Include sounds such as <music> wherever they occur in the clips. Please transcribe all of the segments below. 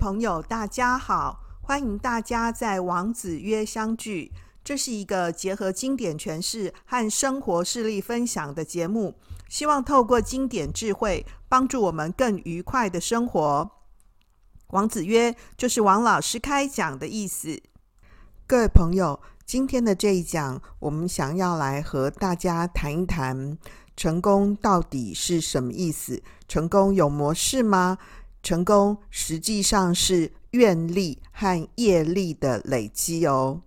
朋友，大家好！歡迎大家在王子曰相聚，這是一個結合經典詮釋和生活事例分享的節目，希望透過經典智慧，幫助我們更愉快的生活。王子曰就是王老師開講的意思。各位朋友，今天的這一講，我們想要來和大家談一談成功到底是什麼意思？成功有模式嗎？成功實際上是願力和業力的累積哦。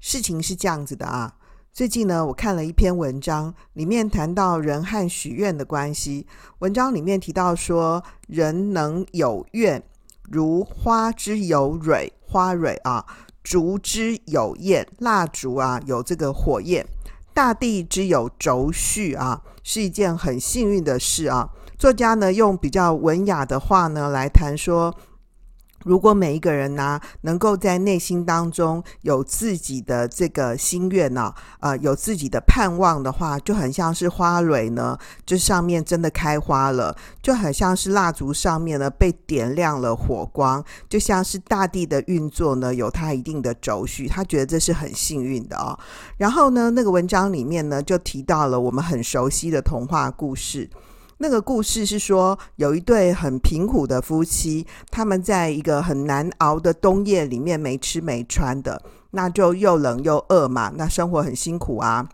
事情是這樣子的啊，最近呢，我看了一篇文章，裡面談到人和許願的關係。文章裡面提到說，人能有願，如花之有蕊，花蕊啊，燭之有焰，蠟燭啊，有這個火焰，大地之有軸序啊，是一件很幸運的事啊。作家呢，用比較文雅的話呢來談說，如果每一個人呢、啊，能夠在內心當中有自己的這個心願呢、啊呃，有自己的盼望的話，就很像是花蕊呢，這上面真的開花了；就很像是蠟燭上面呢被點亮了火光，就像是大地的運作呢，有它一定的秩序。他覺得這是很幸運的哦。然後呢，那個文章裡面呢，就提到了我們很熟悉的童話故事。那個故事是說，有一對很貧苦的夫妻，他們在一個很難熬的冬夜裡面沒吃沒穿的，那就又冷又餓嘛，那生活很辛苦啊。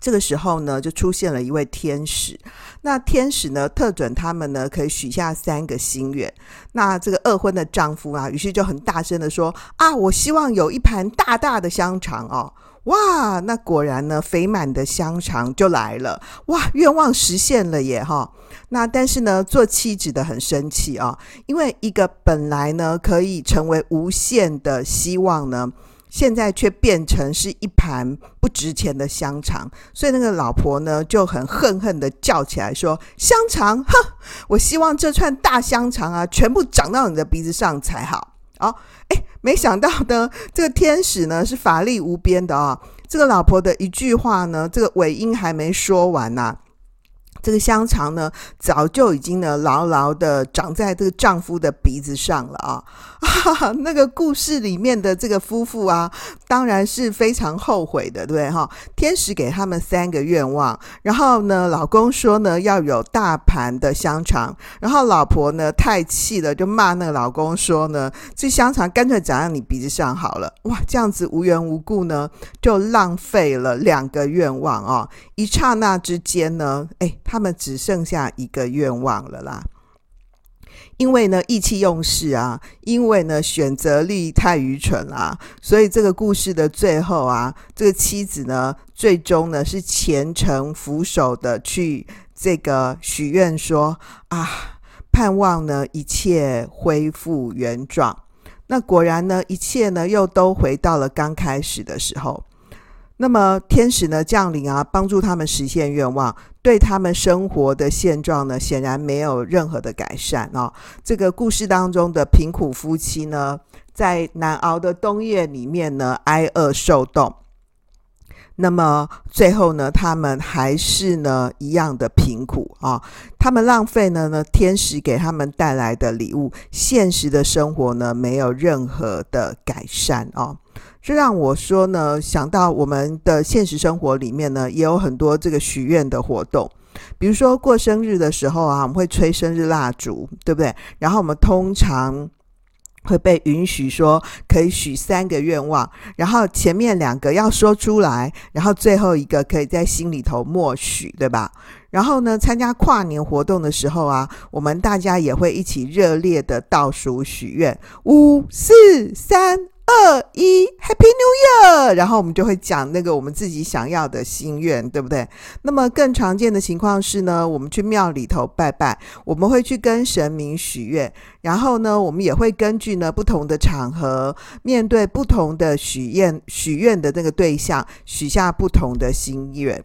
這個時候呢，就出現了一位天使，那天使呢特准他們呢可以許下三個心願。那這個餓昏的丈夫啊，於是就很大聲地說：“啊，我希望有一盤大大的香腸哦。”哇，那果然呢，肥滿的香腸就來了哇！願望實現了耶哈。那但是呢，做妻子的很生氣啊、哦，因為一個本來呢可以成為無限的希望呢，現在卻變成是一盤不值錢的香腸，所以那個老婆呢就很恨恨的叫起來說：“香腸，哼！我希望這串大香腸啊，全部長到你的鼻子上才好啊！”誒、哦欸沒想到呢，這個天使呢是法力無邊的啊、哦！這個老婆的一句話呢，這個尾音還沒說完呢、啊，這個香腸呢早就已經呢牢牢的長在這個丈夫的鼻子上了、哦、啊！那個故事裡面的這個夫婦啊。當然是非常後悔的，對不對？天使給他們三個願望，然後呢，老公說呢要有大盤的香腸，然後老婆呢太氣了，就罵那個老公說呢這香腸乾脆長在你鼻子上好了，哇，這樣子無緣無故呢就浪費了兩個願望哦。一剎那之間呢，哎，他們只剩下一個願望了啦。因為呢，意氣用事啊；因為呢，選擇力太愚蠢啦啊。所以這個故事的最後啊，這個妻子呢，最終呢是虔誠俯首的去這個許願說啊，盼望呢一切恢復原狀。那果然呢，一切呢又都回到了剛開始的時候。那麼天使呢降臨啊，幫助他們實現願望。對他們生活的現狀呢，顯然沒有任何的改善哦。這個故事當中的貧苦夫妻呢，在難熬的冬夜裡面呢，挨餓受凍。那麼最後呢，他們還是呢一樣的貧苦啊、哦。他們浪費了呢呢，天使給他們帶來的禮物，現實的生活呢，沒有任何的改善哦。這讓我說呢，想到我們的現實生活裡面呢，也有很多這個許願的活動，比如說過生日的時候啊，我們會吹生日蠟燭，對不對？然後我們通常會被允許說可以許三個願望，然後前面兩個要說出來，然後最後一個可以在心裡頭默許，對吧？然後呢，參加跨年活動的時候啊，我們大家也會一起熱烈的倒數許願：五四三。二、一，Happy New Year！然後我們就會講那個我們自己想要的心願，對不對？那麼更常見的情況是呢，我們去廟裡頭拜拜，我們會去跟神明許願，然後呢，我們也會根據呢不同的場合，面對不同的許願、許願的那個對象，許下不同的心願。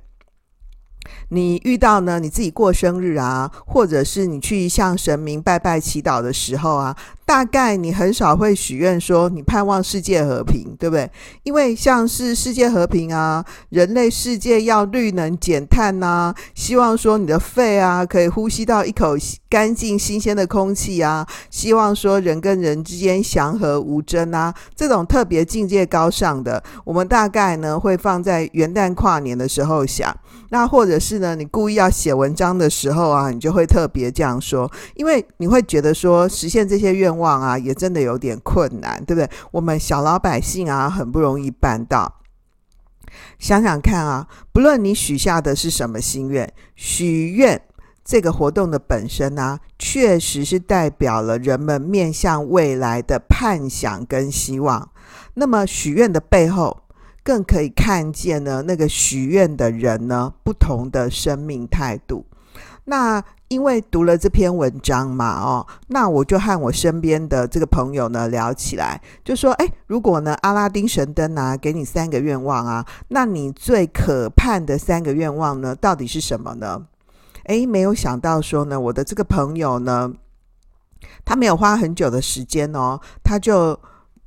你遇到呢你自己過生日啊，或者是你去向神明拜拜祈禱的時候啊。大概你很少會許願說你盼望世界和平，對不對？因為像是世界和平啊，人類世界要綠能減碳吶啊，希望說你的肺啊可以呼吸到一口乾淨新鮮的空氣啊，希望說人跟人之間祥和無爭啊，這種特別境界高尚的，我們大概呢會放在元旦跨年的時候想，那或者是呢你故意要寫文章的時候啊，你就會特別這樣說，因為你會覺得說實現這些願望。望啊，也真的有點困難，對不對？我們小老百姓啊，很不容易辦到。想想看啊，不論你許下的是什麼心願，許願這個活動的本身啊，確實是代表了人們面向未來的盼想跟希望。那麼，許願的背後，更可以看見呢，那個許願的人呢，不同的生命態度。那因為讀了這篇文章嘛，哦，那我就和我身邊的這個朋友呢聊起來，就說：哎，如果呢阿拉丁神燈啊給你三個願望啊，那你最可盼的三個願望呢，到底是什麼呢？哎，沒有想到說呢，我的這個朋友呢，他沒有花很久的時間哦，他就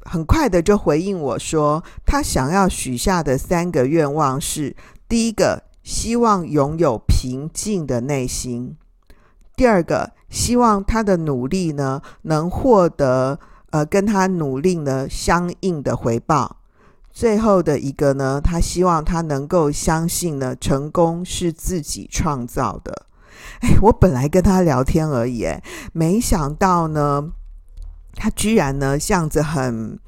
很快的就回應我說，他想要許下的三個願望是第一個。希望擁有平靜的內心。第二個，希望他的努力呢，能獲得，呃，跟他努力呢相應的回報。最後的一個呢，他希望他能夠相信呢，成功是自己創造的。哎、欸，我本來跟他聊天而已、欸，沒想到呢，他居然呢，樣子很。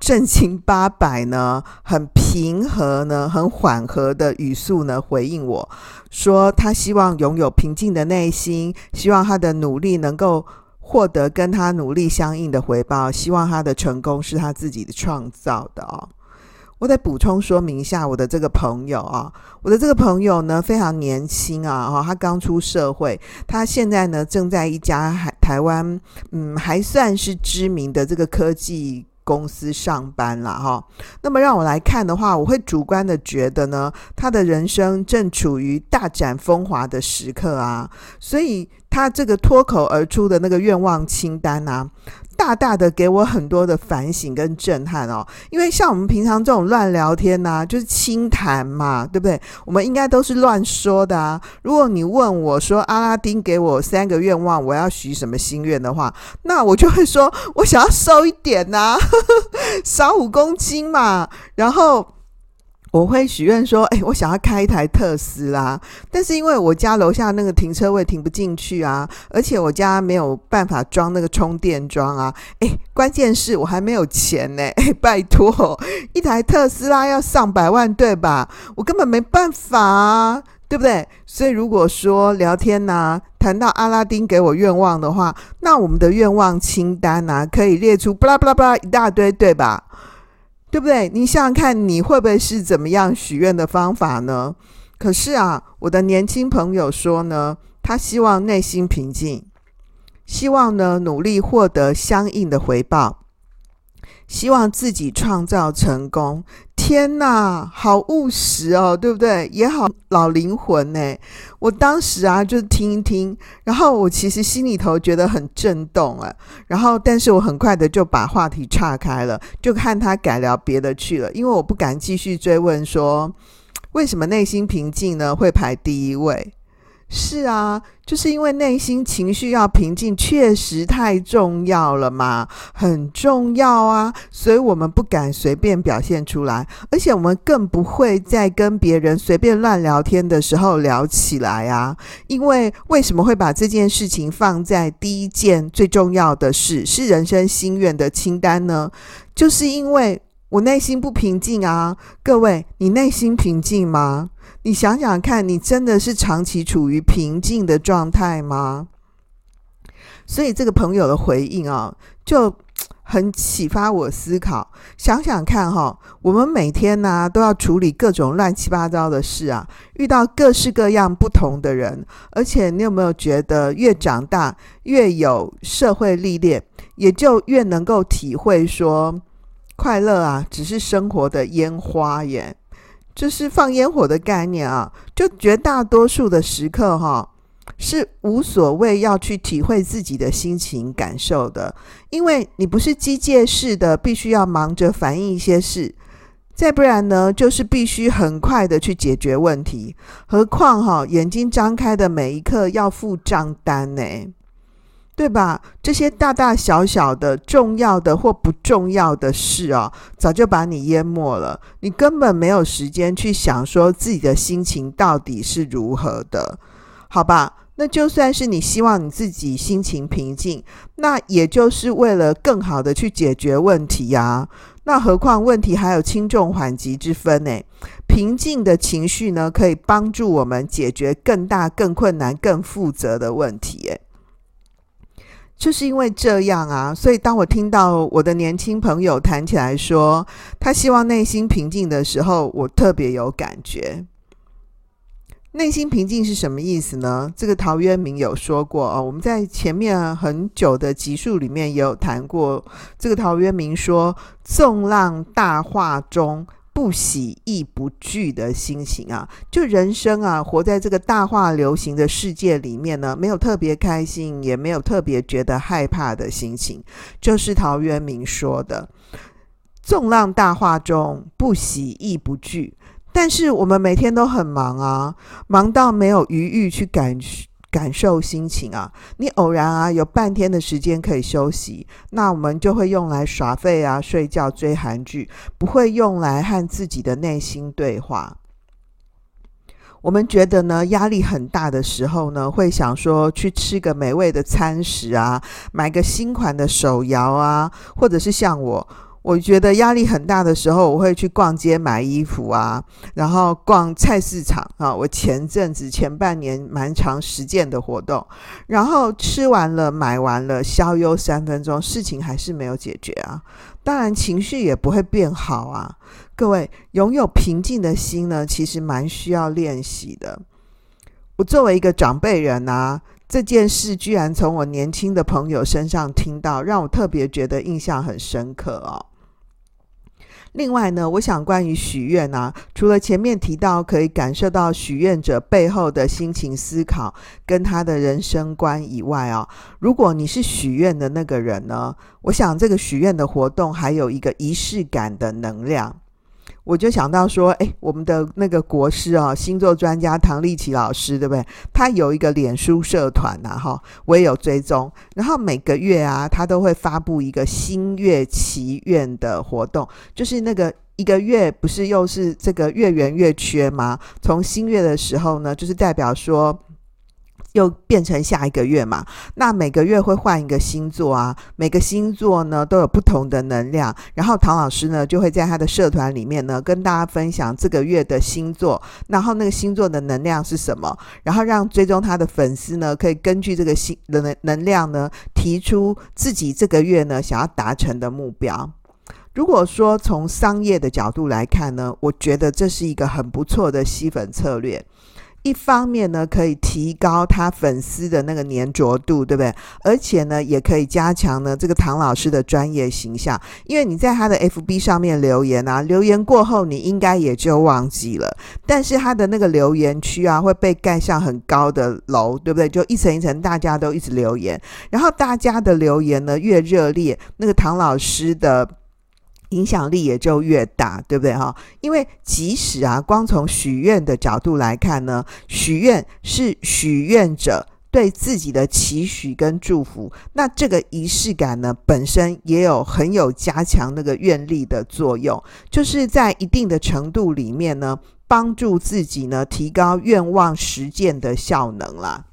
正經八百呢，很平和呢，很緩和的語速呢回應我說，他希望擁有平靜的內心，希望他的努力能夠獲得跟他努力相應的回報，希望他的成功是他自己的創造的哦。我再補充說明一下，我的這個朋友啊，我的這個朋友呢非常年輕啊，哈，他剛出社會，他現在呢正在一家台台灣，嗯，還算是知名的這個科技。公司上班了，哈，哦，那麼讓我來看的話，我會主觀的覺得呢，他的人生正處於大展風華的時刻啊，所以。他這個脫口而出的那個願望清單啊，大大的給我很多的反省跟震撼哦。因為像我們平常這種亂聊天吶、啊，就是清談嘛，對不對？我們應該都是亂說的啊。如果你問我說阿拉丁給我三個願望，我要許什麼心願的話，那我就會說我想要瘦一點吶、啊，少五公斤嘛，然後。我會許願說：“誒、欸，我想要開一台特斯拉，但是因為我家樓下那個停車位停不進去啊，而且我家沒有辦法裝那個充電樁啊，誒、欸，關鍵是我還沒有錢呢、欸欸，拜託，一台特斯拉要上百萬，對吧？我根本沒辦法，啊，對不對？所以如果說聊天吶、啊，談到阿拉丁給我願望的話，那我們的願望清單吶、啊，可以列出布拉布拉布拉一大堆，對吧？”對不對？你想想看，你會不會是怎麼樣許願的方法呢？可是啊，我的年輕朋友說呢，他希望內心平靜，希望呢努力獲得相應的回報，希望自己創造成功。天吶，好務實哦，對不對？也好老靈魂呢。我當時啊，就聽一聽，然後我其實心裡頭覺得很震動誒、啊。然後但是我很快的就把話題岔開了，就看他改聊別的去了，因為我不敢繼續追問說，為什麼內心平靜呢會排第一位？是啊，就是因為內心情緒要平靜，確實太重要了嘛，很重要啊，所以我們不敢隨便表現出來，而且我們更不會在跟別人隨便亂聊天的時候聊起來啊，因為為什麼會把這件事情放在第一件最重要的事，是人生心願的清單呢？就是因為。我內心不平靜啊！各位，你內心平靜嗎？你想想看，你真的是長期處於平靜的狀態嗎？所以，這個朋友的回應啊，就很啟發我思考。想想看，哦，哈，我們每天呢，啊，都要處理各種亂七八糟的事啊，遇到各式各樣不同的人，而且你有沒有覺得，越長大，越有社會歷練，也就越能夠體會說。快樂啊，只是生活的煙花耶，這是放煙火的概念啊。就絕大多數的時刻哈，是無所謂要去體會自己的心情感受的，因為你不是機械式的，必須要忙着反應一些事，再不然呢，就是必須很快的去解決問題。何況哈，眼睛張開的每一刻要付賬單呢。對吧？這些大大小小的重要的或不重要的事哦、啊，早就把你淹沒了。你根本沒有時間去想說自己的心情到底是如何的，好吧？那就算是你希望你自己心情平靜，那也就是為了更好的去解決問題呀、啊。那何況問題還有輕重緩急之分呢、欸？平靜的情緒呢，可以幫助我們解決更大、更困難、更負責的問題、欸。就是因為這樣啊，所以當我聽到我的年輕朋友談起來說他希望內心平靜的時候，我特別有感覺。內心平靜是什麼意思呢？這個陶淵明有說過哦，我們在前面很久的集數裡面也有談過。這個陶淵明說：“縱浪大化中。”不喜亦不懼的心情啊，就人生啊，活在這個大化流行的世界裡面呢，沒有特別開心，也沒有特別覺得害怕的心情，就是陶淵明說的“縱浪大化中，不喜亦不懼”。但是我們每天都很忙啊，忙到沒有餘裕去感覺感受心情啊，你偶然啊有半天的時間可以休息，那我們就會用來耍廢啊、睡覺、追韓劇，不會用來和自己的內心對話。我們覺得呢，壓力很大的時候呢，會想說去吃個美味的餐食啊，買個新款的手搖啊，或者是像我。我覺得壓力很大的時候，我會去逛街買衣服啊，然後逛菜市場啊。我前陣子前半年蠻長時間的活動，然後吃完了買完了，消憂三分鐘，事情還是沒有解決啊。當然情緒也不會變好啊。各位擁有平靜的心呢，其實蠻需要練習的。我作為一個長輩人啊。這件事居然從我年輕的朋友身上聽到，讓我特別覺得印象很深刻哦。另外呢，我想關於許願啊，除了前面提到可以感受到許願者背後的心情、思考跟他的人生觀以外啊、哦，如果你是許願的那個人呢，我想這個許願的活動還有一個儀式感的能量。我就想到說，誒、欸，我們的那個國師啊、哦，星座專家唐立淇老師，對不對？他有一個臉書社團吶，哈，我也有追蹤。然後每個月啊，他都會發布一個新月祈願的活動，就是那個一個月不是又是這個月圓月缺嘛？從新月的時候呢，就是代表說，又變成下一個月嘛？那每個月會換一個星座啊，每個星座呢都有不同的能量。然後唐老師呢就會在他的社團裡面呢跟大家分享這個月的星座，然後那個星座的能量是什麼，然後讓追蹤他的粉絲呢可以根據這個星能能量呢提出自己這個月呢想要達成的目標。如果說從商業的角度來看呢，我覺得這是一個很不錯的吸粉策略。一方面呢，可以提高他粉絲的那個粘着度，對不對？而且呢，也可以加強呢這個唐老師的專業形象，因為你在他的 FB 上面留言啊，留言過後你應該也就忘記了，但是他的那個留言區啊會被蓋上很高的樓，對不對？就一層一層，大家都一直留言，然後大家的留言呢越熱烈，那個唐老師的。影響力也就越大，對不對哈、哦？因為即使啊，光從許願的角度來看呢，許願是許願者對自己的期許跟祝福，那這個儀式感呢，本身也有很有加強那個願力的作用，就是在一定的程度裡面呢，幫助自己呢提高願望實踐的效能啦。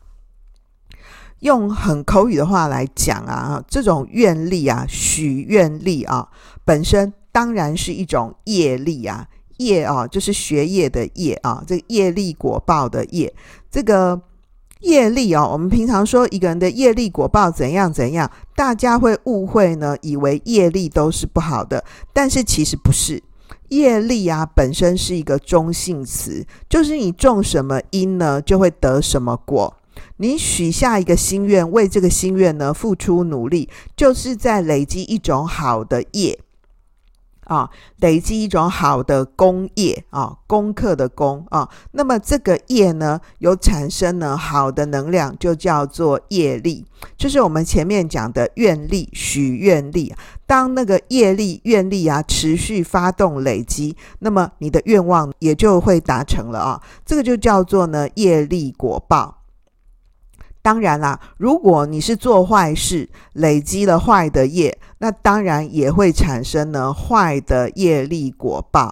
用很口語的話來講啊，這種願力啊，許願力啊。本身當然是一種業力啊，業啊、哦，就是學業的業啊，這個業力果報的業，這個業力哦。我們平常說一個人的業力果報怎樣怎樣，大家會誤會呢，以為業力都是不好的，但是其實不是，業力啊本身是一個中性詞，就是你種什麼因呢，就會得什麼果，你許下一個心願，為這個心願呢付出努力，就是在累積一種好的業。啊，累積一種好的功業啊，功課的功啊，那麼這個業呢，有產生了好的能量，就叫做業力，就是我們前面講的願力、許願力。當那個業力、願力啊，持續發動累積，那麼你的願望也就會達成了啊，這個就叫做呢業力果報。當然啦，如果你是做壞事，累積了壞的業，那當然也會產生呢壞的業力果報。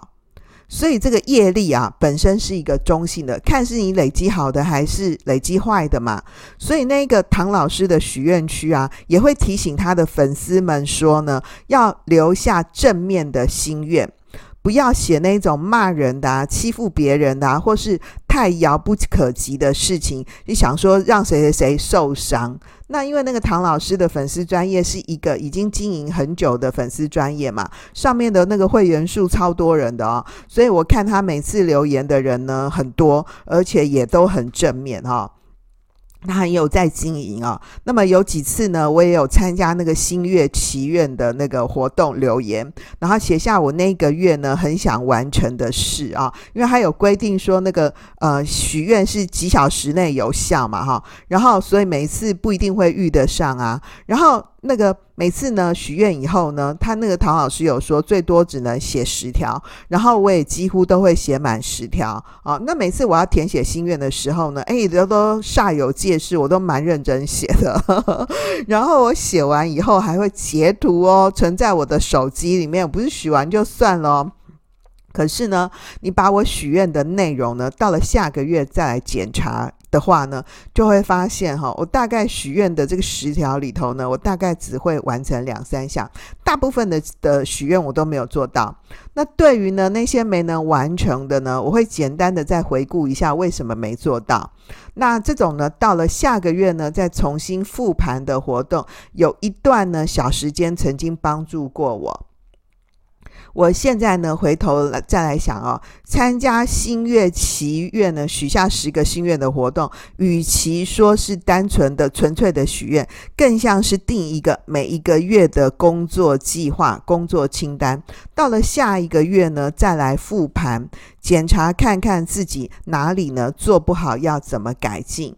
所以這個業力啊，本身是一個中性的，看是你累積好的還是累積壞的嘛。所以那個唐老師的許願區啊，也會提醒他的粉絲們說呢，要留下正面的心願。不要寫那種罵人的啊，欺負別人的啊，或是太遙不可及的事情。你想說讓誰誰誰受傷？那因為那個唐老師的粉絲專頁是一個已經經營很久的粉絲專頁嘛，上面的那個會員數超多人的哦。所以我看他每次留言的人呢很多，而且也都很正面哈、哦。他很有在經營啊、哦，那麼有幾次呢，我也有參加那個新月祈願的那個活動留言，然後寫下我那個月呢很想完成的事啊，因為他有規定說那個呃許願是幾小時內有效嘛哈、哦，然後所以每一次不一定會遇得上啊，然後。那個每次呢許願以後呢，他那個陶老師有說最多只能寫十條，然後我也幾乎都會寫滿十條啊、哦。那每次我要填寫心願的時候呢，哎，都煞有介事，我都蠻認真寫的。 <laughs> 然後我寫完以後還會截圖哦，存在我的手機裡面，不是許完就算了。可是呢，你把我許願的內容呢，到了下個月再來檢查。的話呢，就會發現哈、哦，我大概許願的這個十條裡頭呢，我大概只會完成兩三項，大部分的的許願我都沒有做到。那對於呢那些沒能完成的呢，我會簡單的再回顧一下為什麼沒做到。那這種呢，到了下個月呢，再重新復盤的活動，有一段呢小時間曾經幫助過我。我現在呢，回頭來再來想哦，參加星月祈願呢，許下十個心願的活動，與其說是單純的、純粹的許願，更像是定一個每一個月的工作計劃、工作清單。到了下一個月呢，再來復盤，檢查看看自己哪裡呢做不好，要怎麼改進。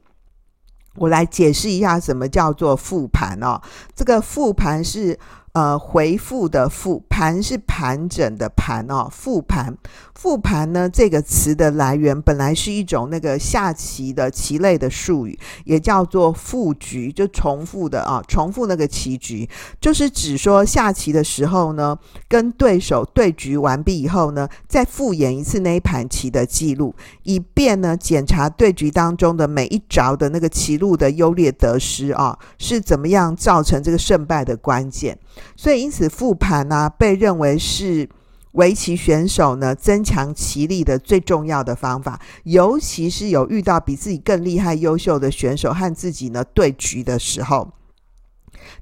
我來解釋一下，什麼叫做復盤哦？這個復盤是。呃，回復的復，盤是盤整的盤哦，復盤。復盤呢，這個詞的來源本來是一種那個下棋的棋類的術語，也叫做復局，就重複的啊，重複那個棋局，就是指說下棋的時候呢，跟對手對局完畢以後呢，再復演一次那一盤棋的記錄，以便呢檢查對局當中的每一着的那個棋路的優劣得失啊，是怎麼樣造成這個勝敗的關鍵。所以，因此復盤呢、啊，被認為是圍棋選手呢增強棋力的最重要的方法。尤其是有遇到比自己更厲害、優秀的選手和自己呢對局的時候，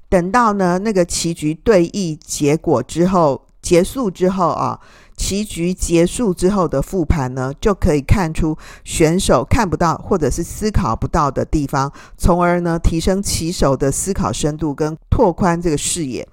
等到呢那個棋局對弈結果之後，結束之後啊。棋局結束之後的復盤呢，就可以看出選手看不到或者是思考不到的地方，從而呢提升棋手的思考深度跟拓寬這個視野。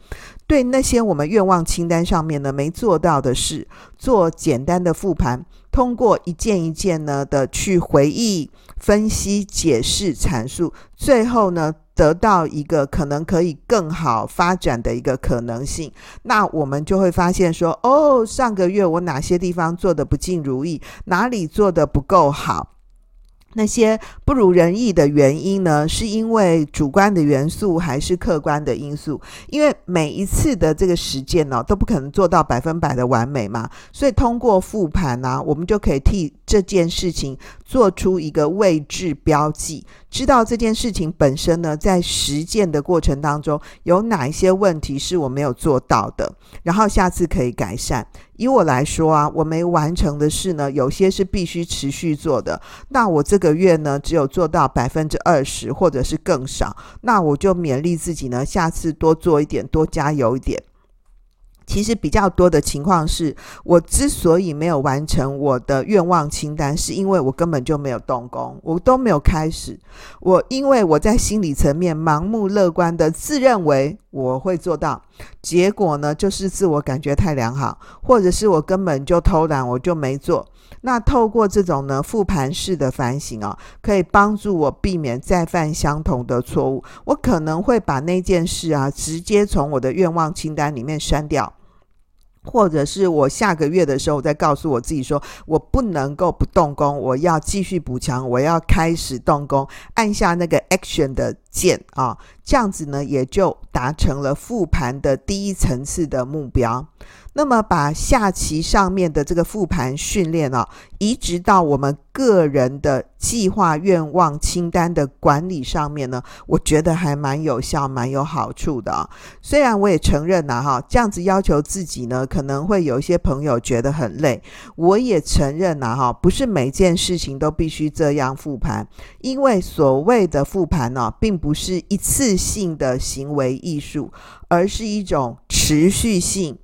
對那些我們願望清單上面呢沒做到的事，做簡單的復盤，通過一件一件呢的去回憶、分析、解釋、闡述，最後呢。得到一個可能可以更好發展的一個可能性，那我們就會發現說，哦，上個月我哪些地方做得不盡如意，哪裡做得不夠好，那些不如人意的原因呢，是因為主觀的元素還是客觀的因素？因為每一次的這個實踐呢、哦，都不可能做到百分百的完美嘛，所以通過復盤呢、啊，我們就可以替這件事情。做出一個位置標記，知道這件事情本身呢，在實踐的過程當中，有哪一些問題是我沒有做到的，然後下次可以改善。以我來說啊，我沒完成的事呢，有些是必須持續做的。那我這個月呢，只有做到百分之二十或者是更少，那我就勉勵自己呢，下次多做一點，多加油一點。其實比較多的情況是我之所以沒有完成我的願望清單，是因為我根本就沒有動工，我都沒有開始。我因為我在心理層面盲目樂觀的自認為我會做到，結果呢就是自我感覺太良好，或者是我根本就偷懶，我就沒做。那透過這種呢復盤式的反省啊，可以幫助我避免再犯相同的錯誤。我可能會把那件事啊直接從我的願望清單裡面刪掉，或者是我下個月的時候再告訴我自己說，我不能夠不動工，我要繼續補強，我要開始動工，按下那個 action 的鍵啊，這樣子呢也就達成了復盤的第一層次的目標。那麼把下棋上面的這個復盤訓練啊，移植到我們個人的計劃、願望清單的管理上面呢，我覺得還蠻有效、蠻有好處的、啊。雖然我也承認啦、啊、哈，這樣子要求自己呢，可能會有一些朋友覺得很累。我也承認了、啊、哈，不是每件事情都必須這樣復盤，因為所謂的復盤呢、啊，並不是一次性的行為藝術，而是一種持續性。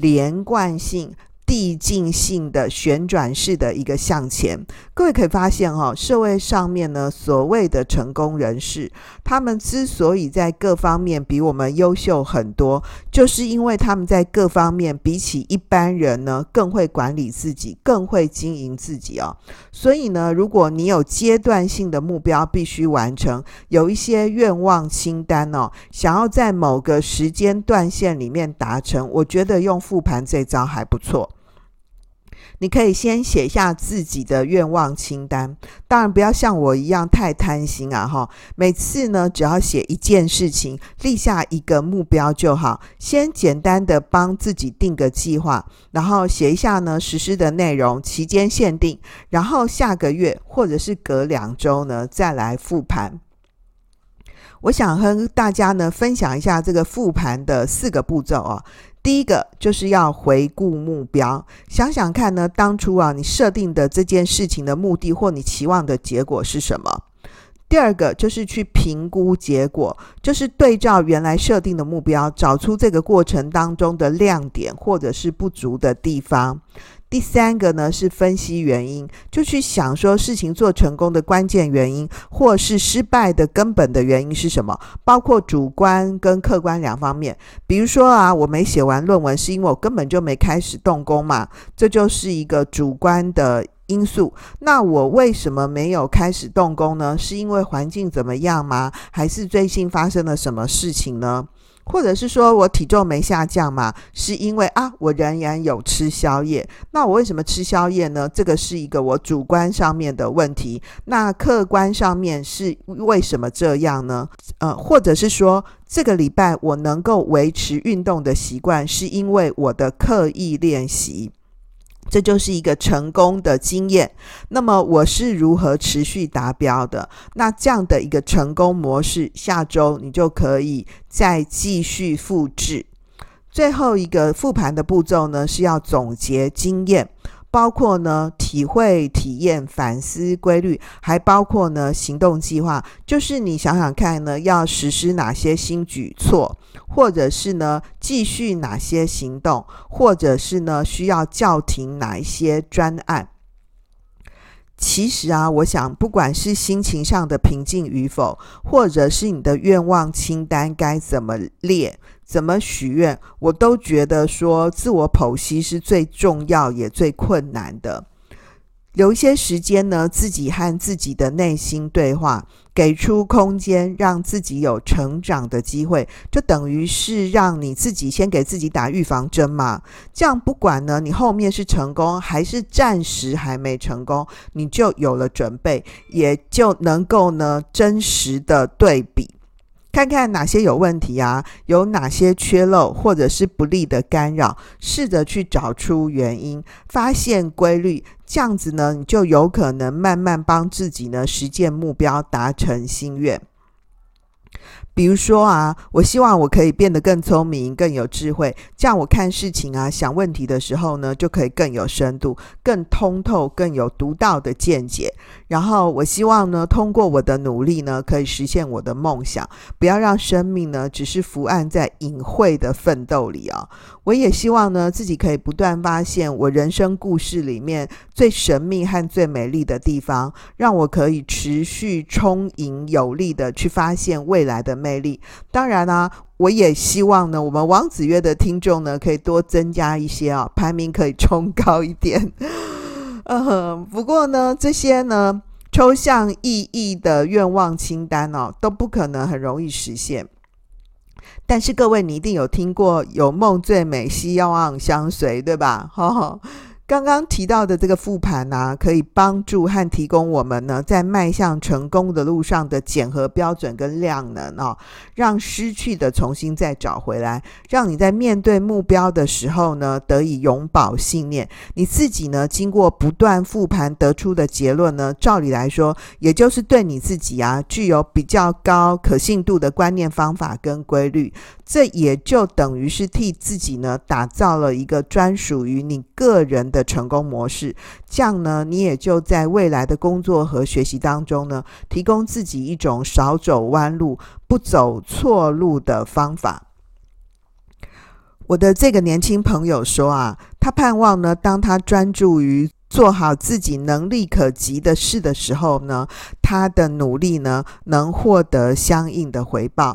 連貫性、遞進性的旋轉式的一個向前，各位可以發現哈、哦，社會上面呢，所謂的成功人士，他們之所以在各方面比我們優秀很多，就是因為他們在各方面比起一般人呢，更會管理自己，更會經營自己哦。所以呢，如果你有階段性的目標必須完成，有一些願望清單哦，想要在某個時間段線裡面達成，我覺得用復盤這招還不錯。你可以先寫下自己的願望清單，當然不要像我一樣太貪心啊！哈，每次呢只要寫一件事情，立下一個目標就好。先簡單的幫自己定個計劃，然後寫一下呢實施的內容，期間限定，然後下個月或者是隔兩週呢再來複盤。我想和大家呢分享一下這個複盤的四個步驟啊。第一個就是要回顧目標，想想看呢，當初啊，你設定的這件事情的目的或你期望的結果是什麼。第二個就是去評估結果，就是對照原來設定的目標，找出這個過程當中的亮點或者是不足的地方。第三個呢，是分析原因，就去想說事情做成功的關鍵原因，或是失敗的根本的原因是什麼，包括主觀跟客觀兩方面。比如說啊，我沒寫完論文是因為我根本就沒開始動工嘛，這就是一個主觀的。因素，那我為什麼沒有開始動工呢？是因為環境怎麼樣嗎？還是最近發生了什麼事情呢？或者是說我體重沒下降嗎？是因為啊，我仍然有吃宵夜。那我為什麼吃宵夜呢？這個是一個我主觀上面的問題。那客觀上面是為什麼這樣呢？呃，或者是說這個禮拜我能夠維持運動的習慣，是因為我的刻意練習。這就是一個成功的經驗。那麼我是如何持續達標的？那這樣的一個成功模式，下週你就可以再繼續複製。最後一個復盤的步驟呢，是要總結經驗。包括呢，體會、體驗、反思規律，還包括呢，行動計劃。就是你想想看呢，要實施哪些新舉措，或者是呢，繼續哪些行動，或者是呢，需要叫停哪一些專案。其實啊，我想，不管是心情上的平靜與否，或者是你的願望清單該怎麼列。怎麼許願，我都覺得說自我剖析是最重要也最困難的。留一些時間呢，自己和自己的內心對話，給出空間，讓自己有成長的機會，就等於是讓你自己先給自己打預防針嘛。這樣不管呢，你後面是成功還是暫時還沒成功，你就有了準備，也就能夠呢，真實的對比。看看哪些有問題啊，有哪些缺漏，或者是不利的干擾，試着去找出原因，發現規律，這樣子呢，你就有可能慢慢幫自己呢實現目標，達成心願。比如說啊，我希望我可以變得更聰明、更有智慧，這樣我看事情啊、想問題的時候呢，就可以更有深度、更通透、更有獨到的見解。然後，我希望呢，通過我的努力呢，可以實現我的夢想，不要讓生命呢只是伏案在隱晦的奮鬥裡啊、哦。我也希望呢，自己可以不斷發現我人生故事裡面最神秘和最美麗的地方，讓我可以持續充盈有力的去發現未來的美。魅力，當然啦、啊，我也希望呢，我們王子曰的聽眾呢，可以多增加一些啊、哦，排名可以衝高一點、 <laughs> 嗯。不過呢，這些呢，抽象意義的願望清單哦，都不可能很容易實現。但是各位，你一定有聽過“有夢最美，希望相隨”，對吧？哈哈。剛剛提到的這個復盤啊，可以幫助和提供我們呢，在邁向成功的路上的檢核標準跟量能哦，讓失去的重新再找回來，讓你在面對目標的時候呢，得以永葆信念。你自己呢，經過不斷復盤得出的結論呢，照理來說，也就是對你自己啊，具有比較高可信度的觀念、方法跟規律。這也就等於是替自己呢，打造了一個專屬於你個人的。成功模式，這樣呢，你也就在未來的工作和學習當中呢，提供自己一種少走彎路、不走錯路的方法。我的這個年輕朋友說啊，他盼望呢，當他專注於做好自己能力可及的事的時候呢，他的努力呢，能獲得相應的回報。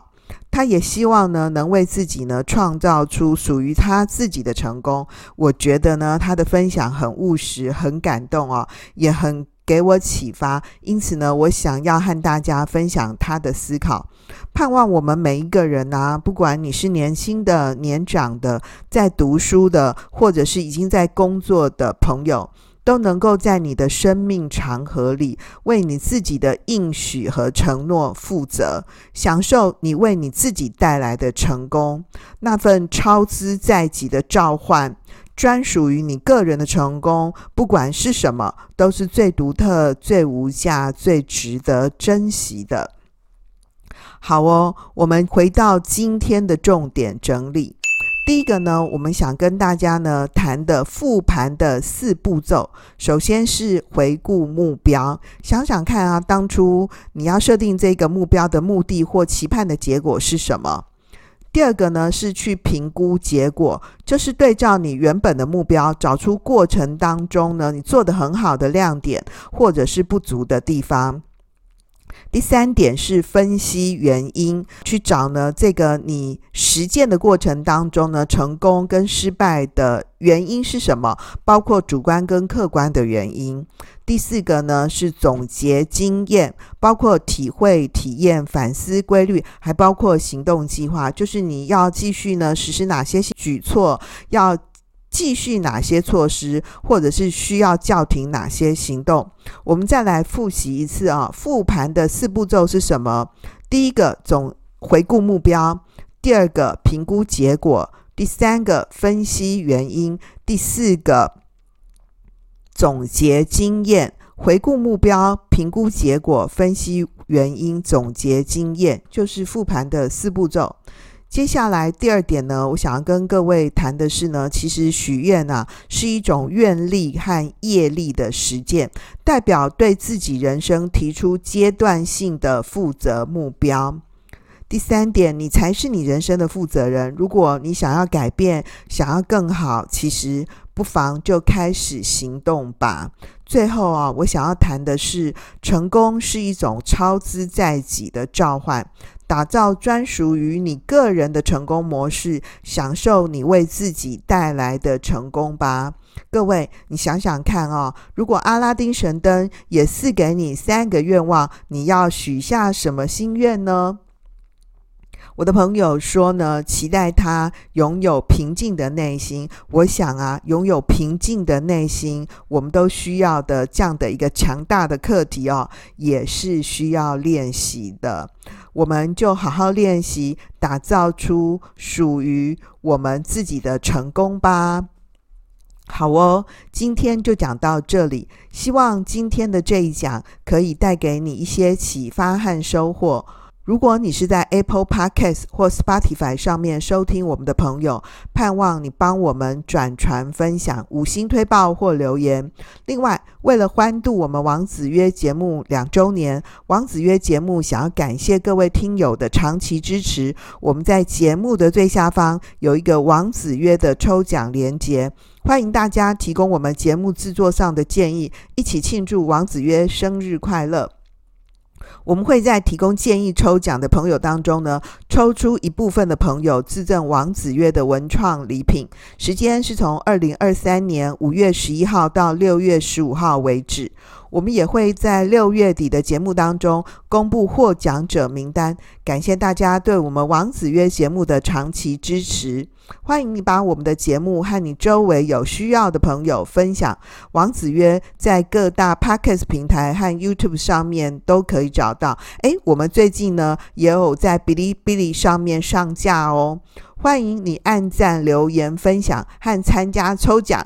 他也希望呢，能為自己呢創造出屬於他自己的成功。我覺得呢，他的分享很務實，很感動啊、哦，也很給我啟發。因此呢，我想要和大家分享他的思考，盼望我們每一個人啊，不管你是年輕的、年長的、在讀書的，或者是已經在工作的朋友，都能夠在你的生命長河裡，為你自己的應許和承諾負責，享受你為你自己帶來的成功，那份操之在己的召喚，專屬於你個人的成功，不管是什麼，都是最獨特、最無價、最值得珍惜的。好哦，我們回到今天的重點整理。第一個呢，我們想跟大家呢談的復盤的四步驟，首先是回顧目標，想想看啊，當初你要設定這個目標的目的或期盼的結果是什麼？第二個呢是去評估結果，就是對照你原本的目標，找出過程當中呢你做得很好的亮點或者是不足的地方。第三點是分析原因，去找呢這個你實踐的過程當中呢成功跟失敗的原因是什麼，包括主觀跟客觀的原因。第四個呢是總結經驗，包括體會、體驗、反思規律，還包括行動計劃，就是你要繼續呢實施哪些舉措，要繼續哪些措施，或者是需要叫停哪些行動？我們再來複習一次啊！復盤的四步驟是什麼？第一個，總回顧目標；第二個，評估結果；第三個，分析原因；第四個，總結經驗。回顧目標、評估結果、分析原因、總結經驗，就是復盤的四步驟。接下來第二點呢，我想要跟各位談的是呢，其實許願啊是一種願力和業力的實踐，代表對自己人生提出階段性的負責目標。第三點，你才是你人生的負責人。如果你想要改變，想要更好，其實不妨就開始行動吧。最後啊，我想要談的是，成功是一種操之在己的召喚。打造專屬於你個人的成功模式，享受你為自己帶來的成功吧，各位，你想想看啊、哦，如果阿拉丁神燈也賜給你三個願望，你要許下什麼心願呢？我的朋友說呢，期待他擁有平靜的內心。我想啊，擁有平靜的內心，我們都需要的這樣的一個強大的課題哦，也是需要練習的。我們就好好練習，打造出屬於我們自己的成功吧。好哦，今天就講到這裡。希望今天的這一講可以帶給你一些啟發和收穫。如果你是在 Apple Podcast 或 Spotify 上面收聽我們的朋友，盼望你幫我們轉傳分享，五星推爆或留言。另外，為了歡度我們王子曰節目兩週年，王子曰節目想要感謝各位聽友的長期支持。我們在節目的最下方有一個王子曰的抽獎鏈接，歡迎大家提供我們節目製作上的建議，一起慶祝王子曰生日快樂。我們會在提供建議抽獎的朋友當中呢，抽出一部分的朋友自贈王子曰的文創禮品，時間是從二零二三年五月十一號到六月十五號為止。我們也會在六月底的節目當中公布獲獎者名單，感謝大家對我們王子曰節目的長期支持。歡迎你把我們的節目和你周圍有需要的朋友分享。王子曰在各大 podcast 平台和 YouTube 上面都可以找到。誒，我們最近呢也有在嗶哩嗶哩上面上架哦。歡迎你按讚、留言、分享和參加抽獎。